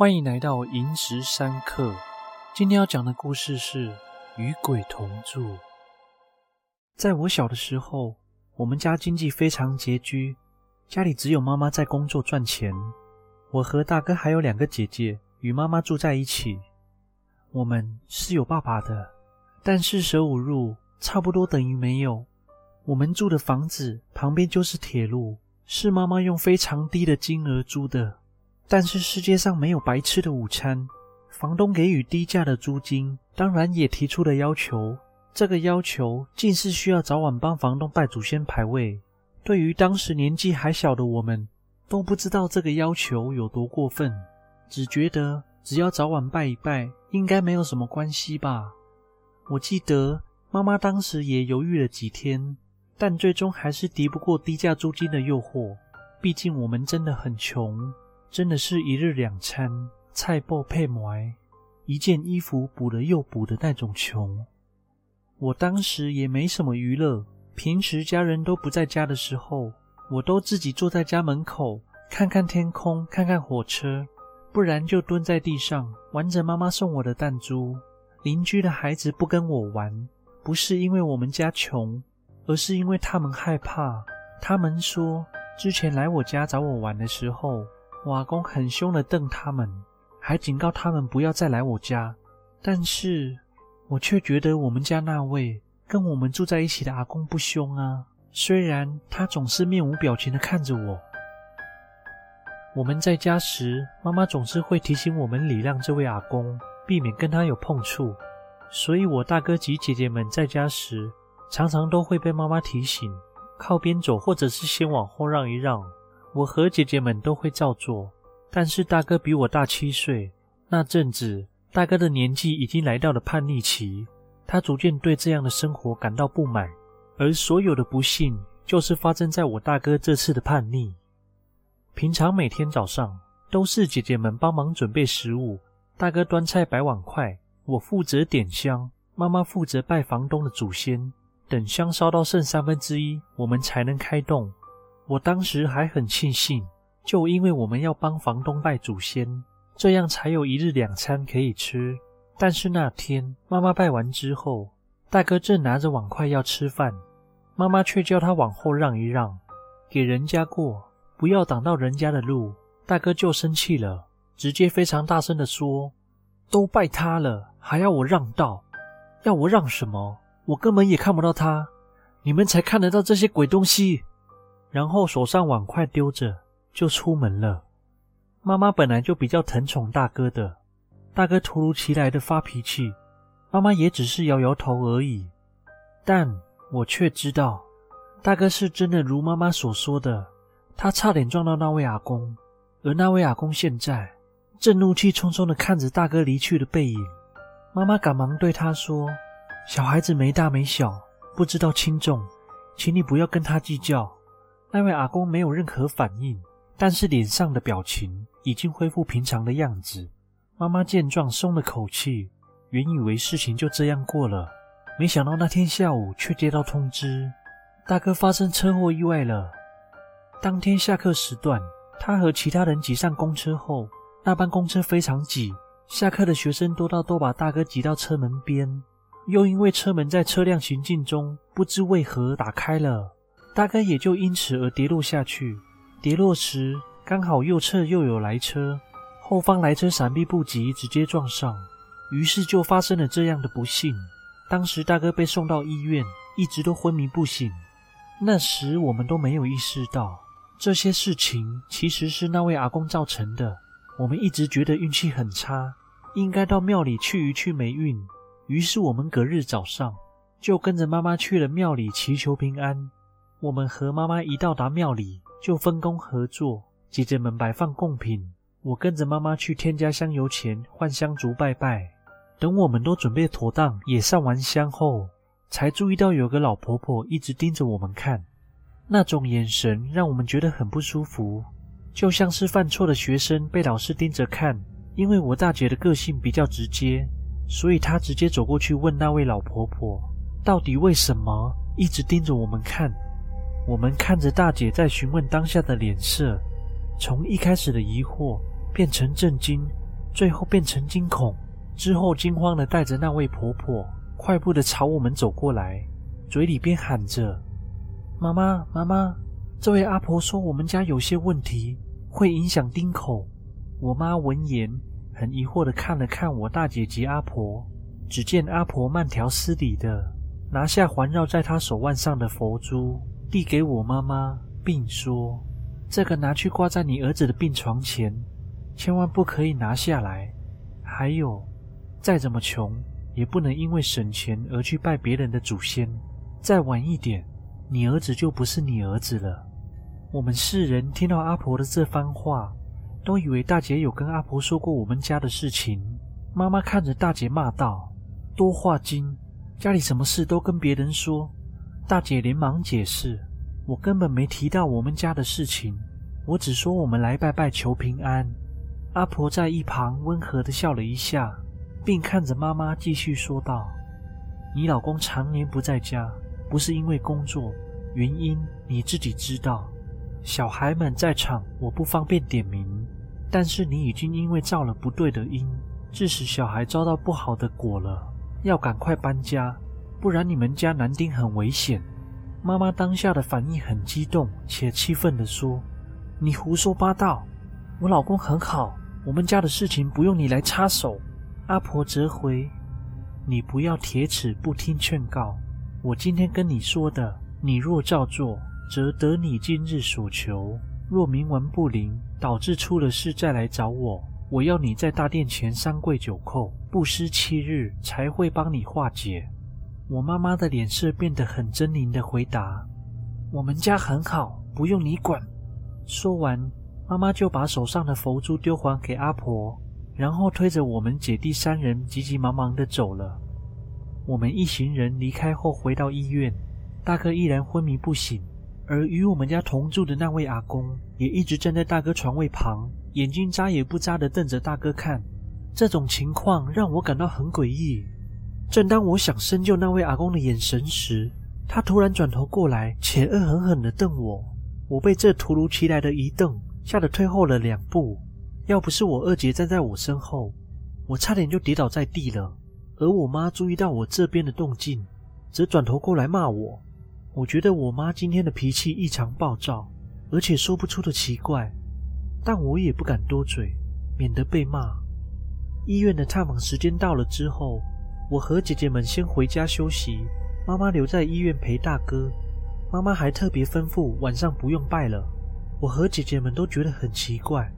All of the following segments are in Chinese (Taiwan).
歡迎來到寅時三刻。今天要講的故事是與鬼同住。在我小的時候，我們家經濟非常拮據，家裡只有媽媽在工作賺錢。我和大哥還有兩個姐姐與媽媽住在一起。我們是有爸爸的，但四舍五入差不多等於沒有。我們住的房子旁邊就是鐵路，是媽媽用非常低的金額租的。但是世界上沒有白吃的午餐。房東給予低價的租金，當然也提出了要求。這個要求竟是需要早晚幫房東拜祖先牌位。對於當時年紀還小的我們，都不知道這個要求有多過分，只覺得只要早晚拜一拜，應該沒有什麼關係吧。我記得媽媽當時也猶豫了幾天，但最終還是敵不過低價租金的誘惑。畢竟我們真的很窮。真的是一日兩餐，菜脯配饃，一件衣服補了又補的那種窮。我當時也沒什麼娛樂，平時家人都不在家的時候，我都自己坐在家門口，看看天空，看看火車，不然就蹲在地上玩着媽媽送我的彈珠。鄰居的孩子不跟我玩，不是因為我們家窮，而是因為他們害怕。他們說，之前來我家找我玩的時候。我阿公很兇地瞪他們，還警告他們不要再來我家。但是我卻覺得我們家那位跟我們住在一起的阿公不兇啊，雖然他總是面無表情地看着我。我們在家時，媽媽總是會提醒我們禮讓這位阿公，避免跟他有碰觸。所以，我大哥及姐姐們在家時，常常都會被媽媽提醒靠邊走，或者是先往後讓一讓。我和姐姐們都會照做，但是大哥比我大七歲。那陣子，大哥的年紀已經來到了叛逆期，他逐漸對這樣的生活感到不滿。而所有的不幸，就是發生在我大哥這次的叛逆。平常每天早上，都是姐姐們幫忙準備食物，大哥端菜擺碗筷，我負責點香，媽媽負責拜房東的祖先。等香燒到剩三分之一，我們才能開動。我當時還很慶幸，就因為我們要幫房東拜祖先，這樣才有一日兩餐可以吃。但是那天媽媽拜完之後，大哥正拿着碗筷要吃飯，媽媽卻叫他往後讓一讓，給人家過，不要擋到人家的路。大哥就生氣了，直接非常大聲地說：“都拜他了，還要我讓道？要我讓什麼？我根本也看不到他，你們才看得到這些鬼東西！”然後手上碗筷丟着就出門了。媽媽本來就比較疼寵大哥的，大哥突如其來的發脾氣，媽媽也只是搖搖頭而已。但我卻知道，大哥是真的如媽媽所說的，他差點撞到那位阿公，而那位阿公現在正怒氣沖沖的看着大哥離去的背影。媽媽趕忙對他說：“小孩子沒大沒小，不知道輕重，請你不要跟他計較。”那位阿公沒有任何反應，但是臉上的表情已經恢復平常的樣子。媽媽見狀鬆了口氣，原以為事情就這樣過了，沒想到那天下午卻接到通知，大哥發生車禍意外了。當天下課時段，他和其他人擠上公車後，那班公車非常擠，下課的學生多到都把大哥擠到車門邊，又因為車門在車輛行進中不知為何打開了。大哥也就因此而跌落下去。跌落時剛好右側又有來車，後方來車閃避不及，直接撞上，於是就發生了這樣的不幸。當時大哥被送到醫院，一直都昏迷不醒。那時我們都沒有意識到這些事情其實是那位阿公造成的。我們一直覺得運氣很差，應該到廟裡去一去霉運。於是我們隔日早上就跟着媽媽去了廟裡祈求平安。我們和媽媽一到達廟裡，就分工合作，姐姐們擺放貢品，我跟着媽媽去添加香油錢、換香燭拜拜。等我們都準備妥當，也上完香後，才注意到有個老婆婆一直盯着我們看，那種眼神讓我們覺得很不舒服，就像是犯錯的學生被老師盯着看。因為我大姐的個性比較直接，所以她直接走過去問那位老婆婆，到底為什麼一直盯着我們看。我們看着大姐在詢問當下的臉色，從一開始的疑惑變成震驚，最後變成驚恐，之後驚慌的帶着那位婆婆快步的朝我們走過來，嘴裡邊喊着：“媽媽，媽媽！”這位阿婆說：“我們家有些問題會影響丁口。”我媽聞言很疑惑的看了看我大姐及阿婆，只見阿婆慢條斯理的拿下環繞在她手腕上的佛珠。遞給我媽媽，並說：“這個拿去掛在你兒子的病床前，千萬不可以拿下來。還有，再怎麼窮，也不能因為省錢而去拜別人的祖先。再晚一點，你兒子就不是你兒子了。”我們四人聽到阿婆的這番話，都以為大姐有跟阿婆說過我們家的事情。媽媽看着大姐罵道：“多話精，家裡什麼事都跟別人說。”大姐連忙解釋：“我根本沒提到我們家的事情，我只說我們來拜拜求平安。”阿婆在一旁溫和地笑了一下，並看着媽媽繼續說道：“你老公常年不在家，不是因為工作原因，你自己知道。小孩們在場，我不方便點名，但是你已經因為造了不對的因，致使小孩遭到不好的果了，要趕快搬家。”不然你們家男丁很危險。媽媽當下的反應很激動且氣憤地說：“你胡說八道！我老公很好，我們家的事情不用你來插手。”阿婆則回：“你不要鐵齒不聽勸告。我今天跟你說的，你若照做，則得你今日所求；若冥頑不靈，導致出了事再來找我，我要你在大殿前三跪九叩，布施七日，才會幫你化解。”我媽媽的臉色變得很猙獰的回答：“我們家很好，不用你管。”說完，媽媽就把手上的佛珠丟還給阿婆，然後推着我們姐弟三人急急忙忙地走了。我們一行人離開後，回到醫院，大哥依然昏迷不醒，而與我們家同住的那位阿公也一直站在大哥床位旁，眼睛眨也不眨地瞪着大哥看。這種情況讓我感到很詭異。正當我想深究那位阿公的眼神時，他突然轉頭過來，且惡狠狠地瞪我。我被這突如其來的一瞪嚇得退後了兩步。要不是我二姐站在我身後，我差點就跌倒在地了。而我媽注意到我這邊的動靜，則轉頭過來罵我。我覺得我媽今天的脾氣異常暴躁，而且說不出的奇怪。但我也不敢多嘴，免得被罵。醫院的探訪時間到了之後。我和姐姐們先回家休息，媽媽留在醫院陪大哥。媽媽還特別吩咐，晚上不用拜了。我和姐姐們都覺得很奇怪，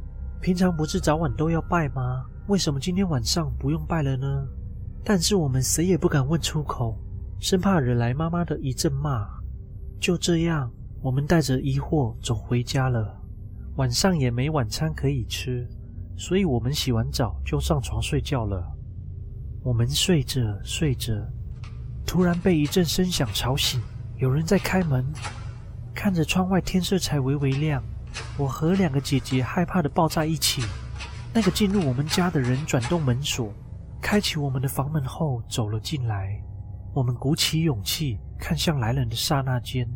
平常不是早晚都要拜嗎？為什麼今天晚上不用拜了呢？但是我們誰也不敢問出口，生怕惹來媽媽的一陣罵。就這樣，我們帶着疑惑走回家了。晚上也沒晚餐可以吃，所以我們洗完澡就上床睡覺了。我們睡着睡着，突然被一陣聲響吵醒，有人在開門。看着窗外天色才微微亮，我和兩個姐姐害怕的抱在一起。那個進入我們家的人轉動門鎖，開啟我們的房門後走了進來。我們鼓起勇氣看向來人的剎那間，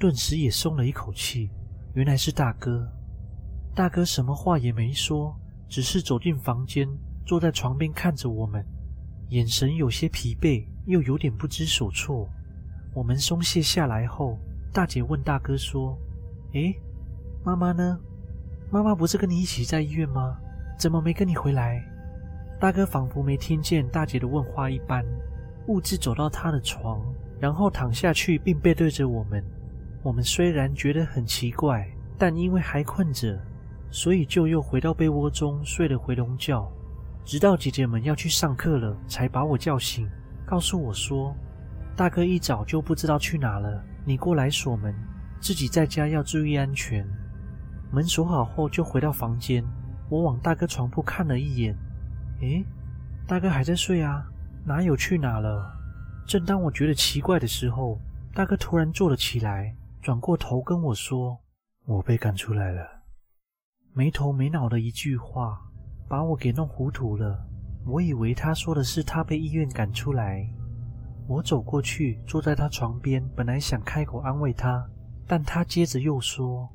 頓時也鬆了一口氣，原來是大哥。大哥什麼話也沒說，只是走進房間。坐在床邊看着我們，眼神有些疲憊，又有點不知所措。我們鬆懈下來後，大姐問大哥說：“誒，媽媽呢？媽媽不是跟你一起在醫院嗎？怎麼沒跟你回來？”大哥仿佛沒聽見大姐的問話一般，兀自走到他的床，然後躺下去，並背對着我們。我們雖然覺得很奇怪，但因為還困着，所以就又回到被窩中睡了回籠覺。直到姐姐們要去上課了，才把我叫醒，告訴我說：“大哥一早就不知道去哪了，你過來鎖門，自己在家要注意安全。”門鎖好後，就回到房間。我往大哥床鋪看了一眼，誒，大哥還在睡啊，哪有去哪了？正當我覺得奇怪的時候，大哥突然坐了起來，轉過頭跟我說：“我被趕出來了。”沒頭沒腦的一句話。把我給弄糊塗了。我以為他說的是他被醫院趕出來。我走過去，坐在他床邊，本來想開口安慰他，但他接着又說：“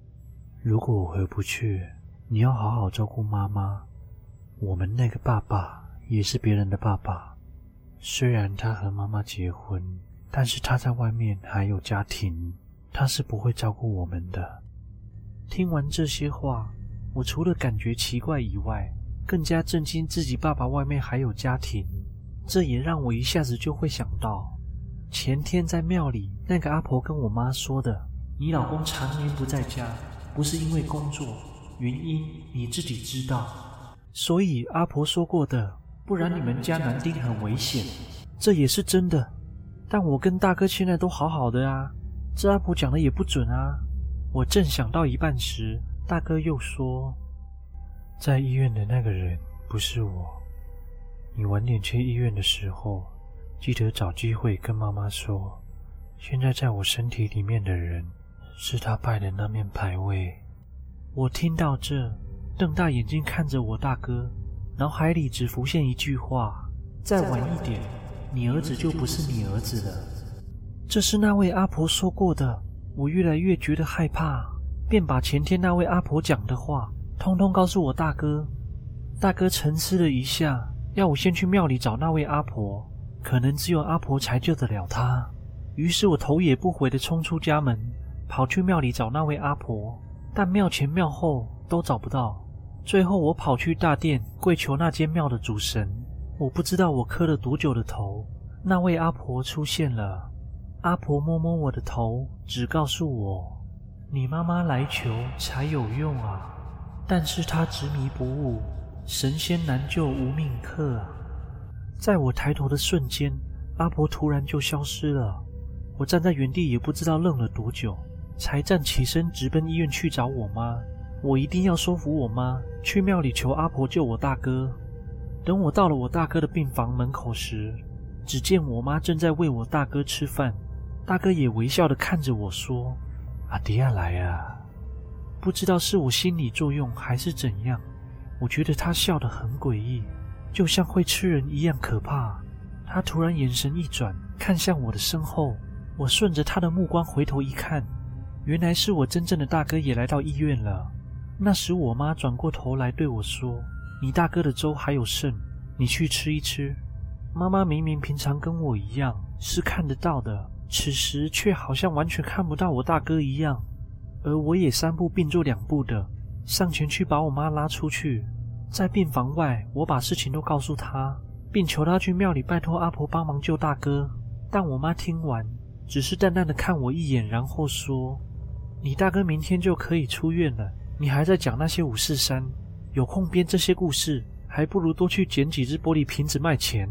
如果我回不去，你要好好照顧媽媽。我們那個爸爸也是別人的爸爸，雖然他和媽媽結婚，但是他在外面還有家庭，他是不會照顧我們的。”聽完這些話，我除了感覺奇怪以外，更加震驚，自己爸爸外面還有家庭，這也讓我一下子就會想到前天在廟裡那個阿婆跟我媽說的：“你老公常年不在家，不是因為工作原因，你自己知道。”所以阿婆說過的，不然你們家男丁很危險，這也是真的。但我跟大哥現在都好好的啊，這阿婆講的也不準啊。我正想到一半時，大哥又說。在醫院的那個人不是我。你晚點去醫院的時候，記得找機會跟媽媽說。現在在我身體裡面的人，是他拜的那面牌位。我聽到這，瞪大眼睛看着我大哥，腦海裡只浮現一句話：再晚一點，你兒子就不是你兒子了。這是那位阿婆說過的。我越來越覺得害怕，便把前天那位阿婆講的話。通通告訴我，大哥。大哥沉思了一下，要我先去廟裡找那位阿婆，可能只有阿婆才救得了他。於是我頭也不回地衝出家門，跑去廟裡找那位阿婆，但廟前廟後都找不到。最後，我跑去大殿跪求那間廟的主神。我不知道我磕了多久的頭，那位阿婆出現了。阿婆摸摸我的頭，只告訴我：“你媽媽來求才有用啊。”但是他執迷不悟，神仙難救，無命客。在我抬頭的瞬間，阿婆突然就消失了。我站在原地也不知道愣了多久，才站起身直奔醫院去找我媽。我一定要說服我媽去廟裡求阿婆救我大哥。等我到了我大哥的病房門口時，只見我媽正在餵我大哥吃飯，大哥也微笑的看着我說：“阿弟啊，來啊。”不知道是我心理作用還是怎樣，我覺得他笑得很詭異，就像會吃人一樣可怕。他突然眼神一轉，看向我的身後。我順着他的目光回頭一看，原來是我真正的大哥也來到醫院了。那時我媽轉過頭來對我說：“你大哥的粥還有剩，你去吃一吃。”媽媽明明平常跟我一樣是看得到的，此時卻好像完全看不到我大哥一樣。而我也三步併作兩步的上前去把我媽拉出去，在病房外，我把事情都告訴她，並求她去廟裡拜託阿婆幫忙救大哥。但我媽聽完，只是淡淡的看我一眼，然後說：“你大哥明天就可以出院了，你還在講那些五四三，有空編這些故事，還不如多去撿幾隻玻璃瓶子賣錢。”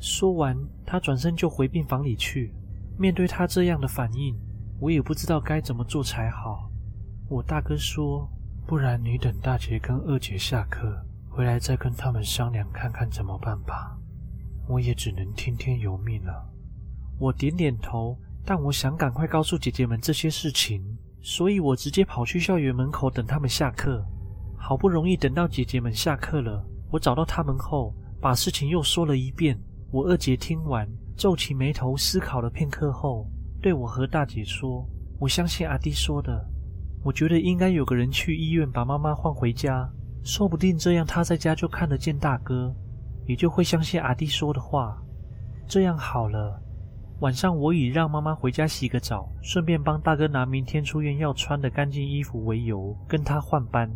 說完，她轉身就回病房裡去。面對她這樣的反應，我也不知道該怎麼做才好。我大哥說：“不然你等大姐跟二姐下課回來再跟他們商量看看怎麼辦吧。”我也只能聽天由命了啊。我點點頭，但我想趕快告訴姐姐們這些事情，所以我直接跑去校園門口等他們下課。好不容易等到姐姐們下課了，我找到他們後，把事情又說了一遍。我二姐聽完，皺起眉頭，思考了片刻後，對我和大姐說：“我相信阿弟說的。”我覺得應該有個人去醫院把媽媽換回家，說不定這樣她在家就看得見大哥，也就會相信阿弟說的話。這樣好了，晚上我以讓媽媽回家洗個澡，順便幫大哥拿明天出院要穿的乾淨衣服為由，跟他換班。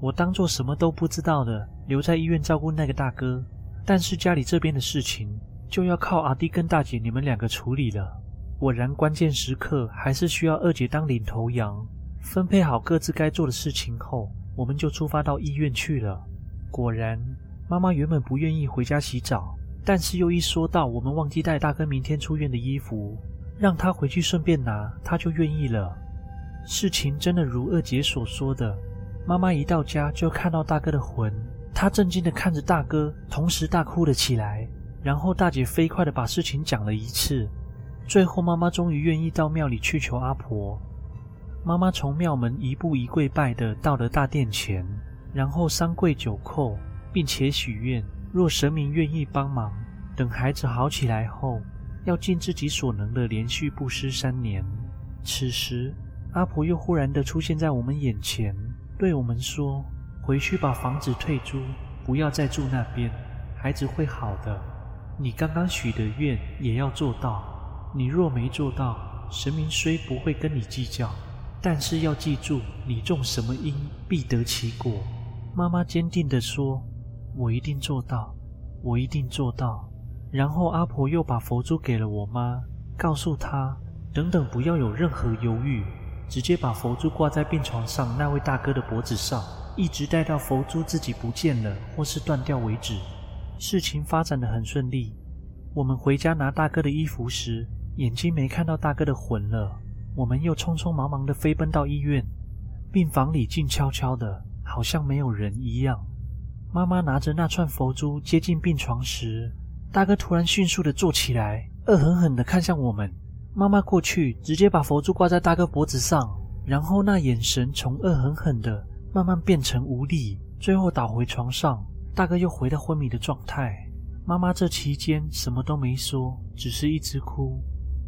我當做什麼都不知道的，留在醫院照顧那個大哥。但是家裡這邊的事情就要靠阿弟跟大姐你們兩個處理了。果然關鍵時刻還是需要二姐當領頭羊。分配好各自該做的事情後，我們就出發到醫院去了。果然，媽媽原本不願意回家洗澡，但是又一說到我們忘記帶大哥明天出院的衣服，讓他回去順便拿，他就願意了。事情真的如二姐所說的，媽媽一到家就看到大哥的魂，她震驚地看着大哥，同時大哭了起來。然後大姐飛快地把事情講了一次，最後媽媽終於願意到廟裡去求阿婆。媽媽從廟門一步一跪拜的到了大殿前，然後三跪九叩，並且許願：若神明願意幫忙，等孩子好起來後，要盡自己所能的連續佈施三年。此時，阿婆又忽然的出現在我們眼前，對我們說：“回去把房子退租，不要再住那邊，孩子會好的。你剛剛許的願也要做到。你若沒做到，神明雖不會跟你計較。”但是要記住，你種什麼因，必得其果。媽媽堅定地說：“我一定做到，我一定做到。”然後阿婆又把佛珠給了我媽，告訴她：“等等，不要有任何猶豫，直接把佛珠掛在病床上那位大哥的脖子上，一直戴到佛珠自己不見了或是斷掉為止。”事情發展得很順利。我們回家拿大哥的衣服時，眼睛沒看到大哥的魂了。我們又匆匆忙忙地飛奔到醫院，病房裡靜悄悄的，好像沒有人一樣。媽媽拿着那串佛珠接近病床時，大哥突然迅速地坐起來，惡狠狠地看向我們。媽媽過去，直接把佛珠掛在大哥脖子上，然後那眼神從惡狠狠的慢慢變成無力，最後倒回床上，大哥又回到昏迷的狀態。媽媽這期間什麼都沒說，只是一直哭。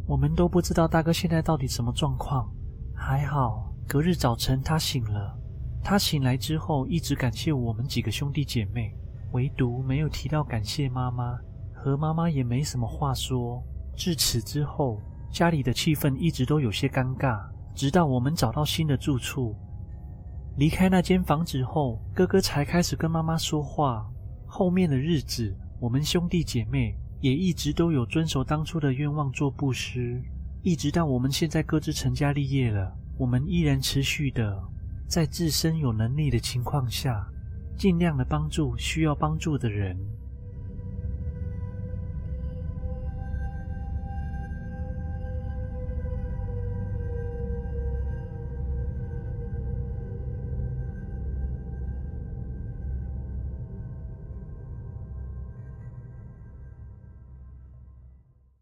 我們都不知道大哥現在到底什麼狀況。還好，隔日早晨他醒了。他醒來之後，一直感謝我們幾個兄弟姐妹，唯獨沒有提到感謝媽媽，和媽媽也沒什麼話說。至此之後，家裡的氣氛一直都有些尷尬。直到我們找到新的住處，離開那間房子後，哥哥才開始跟媽媽說話。後面的日子，我們兄弟姐妹，也一直都有遵守當初的願望做布施，一直到我們現在各自成家立業了，我們依然持續的在自身有能力的情況下，盡量的幫助需要幫助的人。